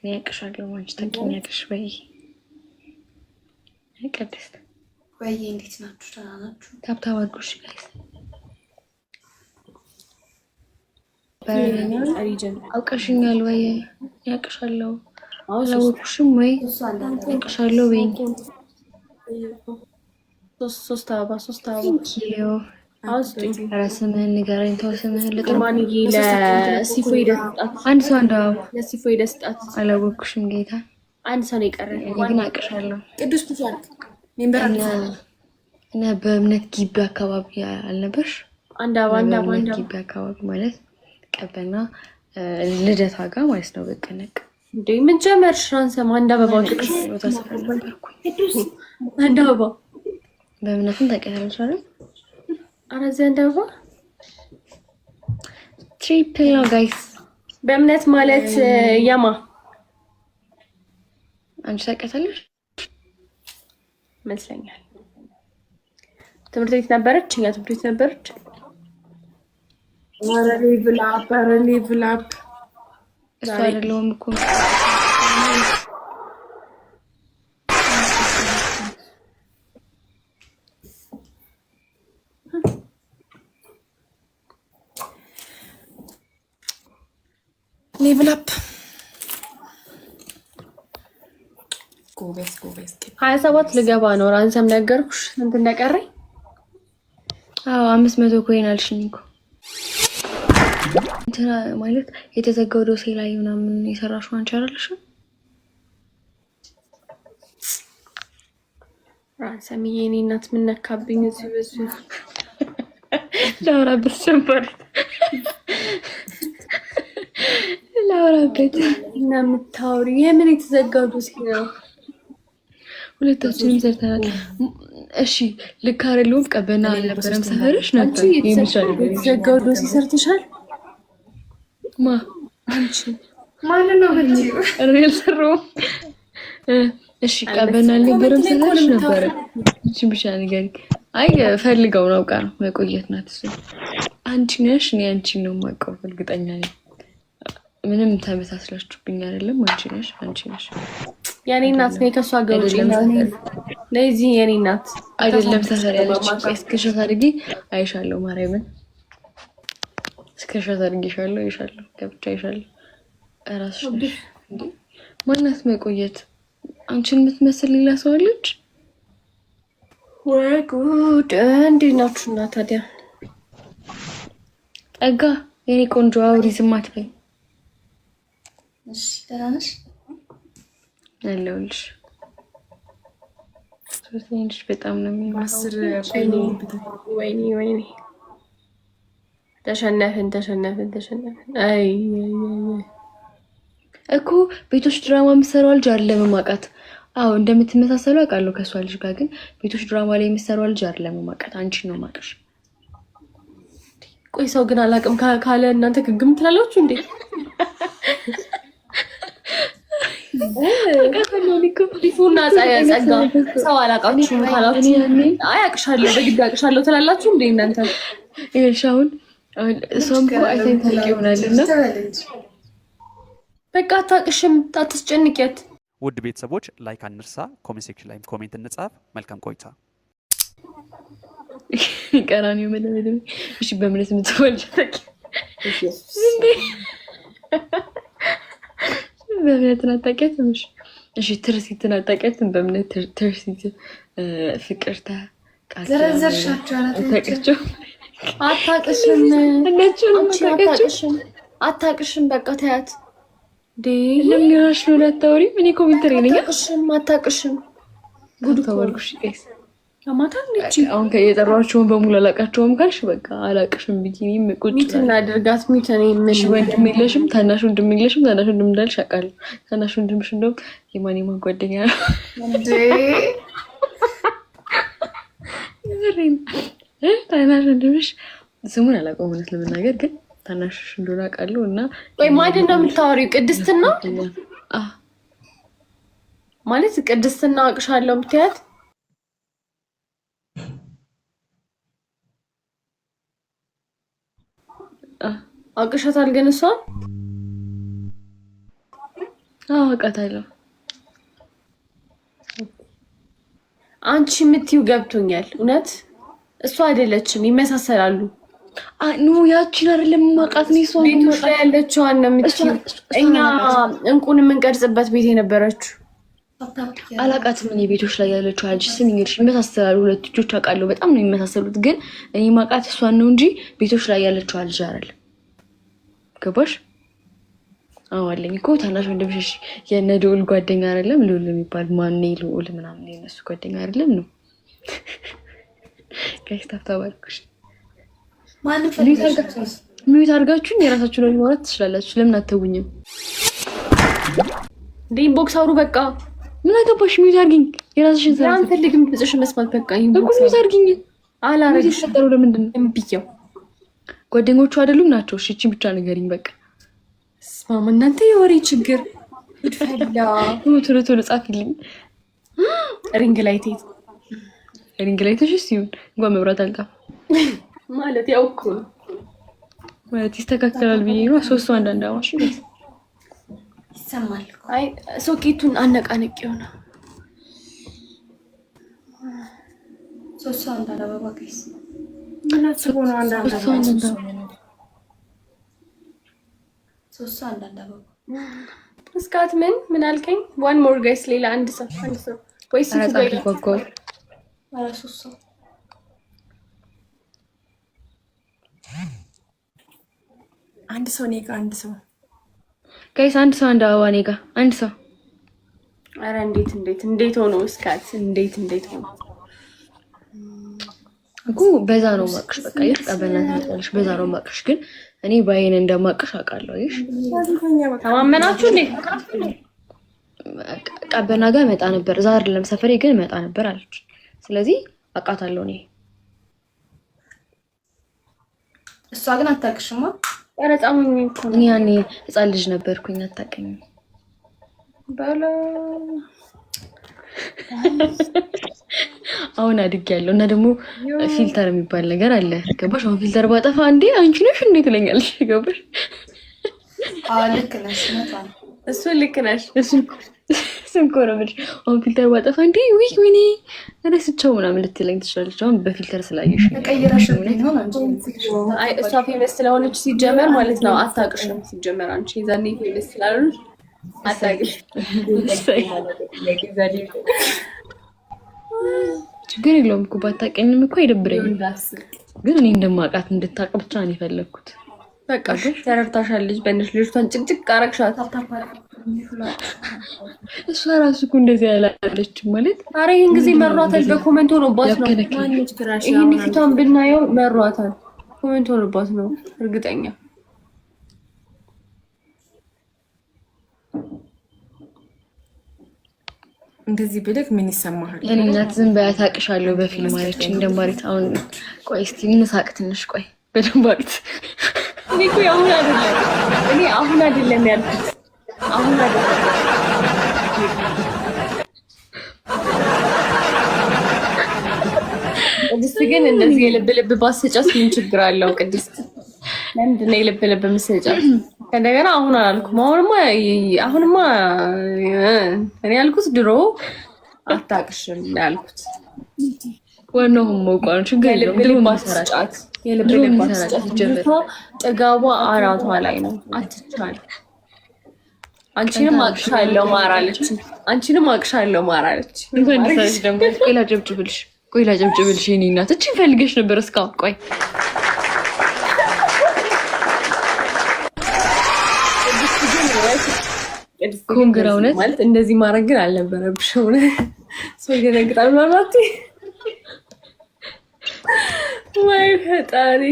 እኔ አውቅሻለሁ። አንቺ ታውቂኛለሽ ወይ? ቅድስት ወይ እንዴት ናችሁ? ደህና ናችሁ? ታብታብ አድርጎሽ ጋይስ አውቀሽኛል ወይ? ያውቅሻለሁ። አላወቅሽም ወይ? ያውቅሻለሁ ወይ? ሶስት አበባ ሶስት አበባ ኧረ ስምህን ንገረኝ። ተው ስምህን ልጥሩ። አንድ ሰው አንድ ለሲፎይዳ ስጣት። አላወኩሽም ጌታ። አንድ ሰው ነው የቀረኝ። ግን አቅሻለሁ። ቅዱስ እና በእምነት ግቢ አካባቢ አልነበርሽ? አንድ በእምነት ግቢ አካባቢ ማለት ቀበና ልደታ ጋር ማለት ነው። በቀነቅ እንደ ምን ጀመርሽ? አንሰማ አንድ አበባ ቅዱስ ቦታ ስፍራ ነበርኩ። አንድ አበባ በእምነትም ተቀያለች አይደል? አረ ዘንድ ትሪፕል ነው ጋይስ። በእምነት ማለት የማ አንቺ ታውቂያታለሽ ይመስለኛል። ትምህርት ቤት ነበረች፣ እኛ ትምህርት ቤት ነበረች። ኧረ ሌቭል አፕ፣ ኧረ ሌቭል አፕ እሱ እኮ ሌቭል አፕ ጎበዝ ጎበዝ። ሀያ ሰባት ልገባ ነው። ራንሰም ነገርኩሽ። ስንት እንደቀረኝ? አዎ አምስት መቶ ኮይን አልሽኝ እኮ እንትና ማለት የተዘጋው ዶሴ ላይ ምናምን የሰራሽው አንቺ አይደለሽም? የኔ እናት የምነካብኝ እዚህ ብር ላውራበት እና የምታወሪ የምን የተዘጋጁ ነው? ሁለታችንም ሰርተናል። እሺ ልክ አይደለሁም። ቀበና አልነበረም። ሰፈርሽ ነበር የተዘጋው ዶሲ ሰርተሻል። ማ አንቺ ማንን ነው ያልሰራሁም። እሺ ቀበና አልነበረም። ሰፈርሽ ነበረ። እችን ብቻ ነገር አይ ፈልገው ነው ቃ ነው መቆየት ናት። እሱ አንቺ ነሽ። እኔ አንቺን ነው የማውቀው እርግጠኛ ነኝ። ምንም ተመሳስላችሁብኝ አይደለም። አንቺ ነሽ አንቺ ነሽ የኔ እናት ነ ከሱ ሀገር ለዚህ የኔ እናት አይደለም ተሰሪያለች። እስክሸት አድርጊ አይሻለሁ፣ ማርያምን እስክሸት አድርጊ ይሻለሁ፣ ይሻለሁ፣ ከብቻ ይሻለሁ። ራስሽ ነሽ ማናት መቆየት አንቺን የምትመስል ሌላ ሰው አለች። ወይ ጉድ! እንዴት ናችሁ? እና ታዲያ ጠጋ የኔ ቆንጆ አውሪ፣ ዝም አትበይ እሺ ደህና ነሽ? በጣም ነው ወይኔ፣ ተሸነፍን ተሸነፍን ተሸነፍን። አይ እኮ ቤቶች ድራማ የምትሰራው ልጅ አይደለም የማውቃት። አዎ እንደምትመሳሰሉ አውቃለሁ ከእሷ ልጅ ጋር ግን ቤቶች ድራማ ላይ የምትሰራው ልጅ አይደለም የማውቃት። ነው የማውቅሽ። ቆይ ሰው ግን አላውቅም ካለ እናንተ ግግም ትላላችሁ እንዴ? ሰው አላውቃችሁም ካላችሁ አይ በግድ ትላላችሁ እንደ እናንተ ይሻውን እሷም ይሆናልና በቃ አትስጨንቂያት። ውድ ቤተሰቦች ላይክ አንርሳ፣ ኮሜንት ሴክሽን ላይ ኮሜንት እንጻፍ። መልካም ቆይታ። ቀራኒ እሺ በምነት የምትወልደ በእምነትን አታውቂያትም? እሺ ትርሲትን አታውቂያትም? በእምነት ትርሲት ፍቅርተ አታውቅሽም በቃ ተያት። ለምን እራስሽን አታወሪም? እኔ ኮሜንተሪ ነኝ። አታውቅሽም አሁን የጠሯቸውን በሙሉ አላቃቸውም ካልሽ በቃ አላውቅሽም ብዬሽ እኔም ቁጭ እናድርጋት። ወንድም የለሽም? ታናሽ ወንድም የለሽም? ታናሽ ወንድም እንዳልሽ አውቃለሁ። ታናሽ ወንድምሽ እንደውም የማን የማን ጓደኛ ነው ታናሽ ወንድምሽ። ስሙን አላውቀውም እውነት ለመናገር ግን ታናሽ እንደሆነ አውቃለሁ። እና ወይ ማለት ነው የምታወሪው? ቅድስትና ማለት ቅድስትና አውቅሻለሁ ምትያት አውቅሻታል ግን እሷ አውቃታለሁ። አንቺ የምትይው ገብቶኛል። እውነት እሷ አይደለችም፣ ይመሳሰላሉ። ኑ ያችን አይደለም ማቃት ነው። እሷ ያለችው እኛ እንቁን የምንቀርጽበት ቤት የነበረችው አላቃት ምን የቤቶች ላይ ያለችው አጅ ስም እንግዲህ ይመሳሰላሉ። ሁለት ልጆች አውቃለሁ፣ በጣም ነው የሚመሳሰሉት። ግን እኔ ማቃት እሷን ነው እንጂ ቤቶች ላይ ያለችው አልጅ አይደለም። ገባሽ? አዎ አለኝ እኮ ታናሽ ወንድምሽ የነ ልዑል ጓደኛ አይደለም? ልዑል የሚባል ማኔ ልዑል ምናምን የነሱ ጓደኛ አይደለም? ነው ጋሽ ታፍታባልኩሽ። ሚዩት አድርጋችሁን የራሳችሁን ወሬ ማውራት ትችላላችሁ። ለምን አተውኝም? እንደ ኢንቦክስ አውሩ በቃ። ምን አገባሽ? ሚዩት አድርጊኝ። የራስሽን ስራ አንፈልግም። ድምፅሽን መስማት በቃ። ኢንቦክስ ሚዩት አድርጊኝ። አላረግሽ። ለምንድን ነው ብያው ጓደኞቹ አይደሉም ናቸው። እሺ ይቺ ብቻ ንገሪኝ በቃ። ስማም እናንተ የወሬ ችግር ቶሎ ቶሎ ጻፊልኝ። ሪንግ ላይት ሪንግ ላይትሽ ሲሆን እንኳ መብራት አልጠፋም ማለት ያው እኮ ማለት ይስተካከላል ብዬ ነው። ሶስቱ አንዳንድ አማሽ ይሰማል። አይ ሶኬቱን አነቃነቅ የሆነ ሶስቱ አንዳንድ አበባ እስካት ምን ምን አልከኝ? ዋን ሞር ጋይስ ሌላ አንድ ሰው አንድ ሰው ወይስ አንድ ሰው ኔጋ አንድ ሰው ጋይስ አንድ ሰው አንድ አበባ ኔጋ አንድ ሰው። አረ እንዴት እንዴት እንዴት ሆኖ እስካት እንዴት እንዴት ሆኖ እኮ በዛ ነው ማቅሽ። በቃ ይህ ቀበናትሽ በዛ ነው ማቅሽ። ግን እኔ በአይን እንደማቅሽ አውቃለሁ። ይሽ ተማመናችሁ እንዴ? ቀበና ጋር መጣ ነበር። እዛ አይደለም ሰፈሬ ግን መጣ ነበር አለች። ስለዚህ አውቃታለሁ እኔ። እሷ ግን አታውቅሽማ። እኔ ያኔ ህፃን ልጅ ነበርኩኝ። አታውቅኝም በላ አሁን አድግ ያለው እና ደግሞ ፊልተር የሚባል ነገር አለ። ገባሽ? አሁን ፊልተር ባጠፋ አንዴ አንቺ ነሽ እንዴ ትለኛለሽ። ገባሽ? እሱ ልክ ነሽ። ስንኮ ነው የምልሽ። አሁን ፊልተር ባጠፋ አንዴ ዊክ ዊኒ ረስቸው ምናምን ልትለኝ ትችላለች። አሁን በፊልተር ስላየሽ እሷ ፌመስ ስለሆነች ሲጀመር ማለት ነው አታውቅሽም። ሲጀመር አንቺ ዛኔ ፌመስ ስላልሆነች ችግር የለውም እኮ ባታቀኝም እኮ አይደብረኝም። ግን እኔ እንደማውቃት እንድታውቅ ብቻ ነው የፈለግኩት። በቃ ተረድታሻል። ልጅ በእነሱ ልጅቷን ጭቅጭቅ አረግሻት። እሷ ራሱ እኮ እንደዚህ ያላለች ማለት አረ ይህን ጊዜ መሯታል። በኮመንት ሆኖባት ነው። ይህን ፊቷን ብናየው መሯታል። ኮመንት ሆኖባት ነው እርግጠኛ እንደዚህ ብልክ ምን ይሰማሃል? እኔ እናት ዝም በይ አታቅሻለሁ በፊልም ማለች እንደማሪት። አሁን ቆይ እስኪ እንሳቅ ትንሽ ቆይ በደንባሪት። እኔ እኮ አሁን አይደለም እኔ አሁን አይደለም ያልኩት አሁን አይደለም ቅድስት ግን እንደዚህ የልብ ልብ ባስጫስ ምን ችግር አለው ቅድስት? ለምንድን ነው የልብ ልብ የምትሰጫው? እንደገና አሁን አላልኩም። አሁንማ አሁንማ እኔ ያልኩት ድሮ አታቅሽም ያልኩት ዋናው መውቋን ችግር የለውም። የልብ ልብ ማስጫት ጥጋቧ አራቷ ላይ ነው። አትቻል አንቺንም አቅሻለሁ ማራለች። አንቺንም አቅሻለሁ ማራለች። ቆይ ላጨብጭብልሽ፣ ቆይ ላጨብጭብልሽ። እኔ እናት እችን ፈልገሽ ነበር እስካሁን ቆይ ኮንግራ እውነት ማለት እንደዚህ ማድረግ ግን አልነበረብሽ። እውነት ሰው ይደነግጣል። ማማቴ ወይ ፈጣሪ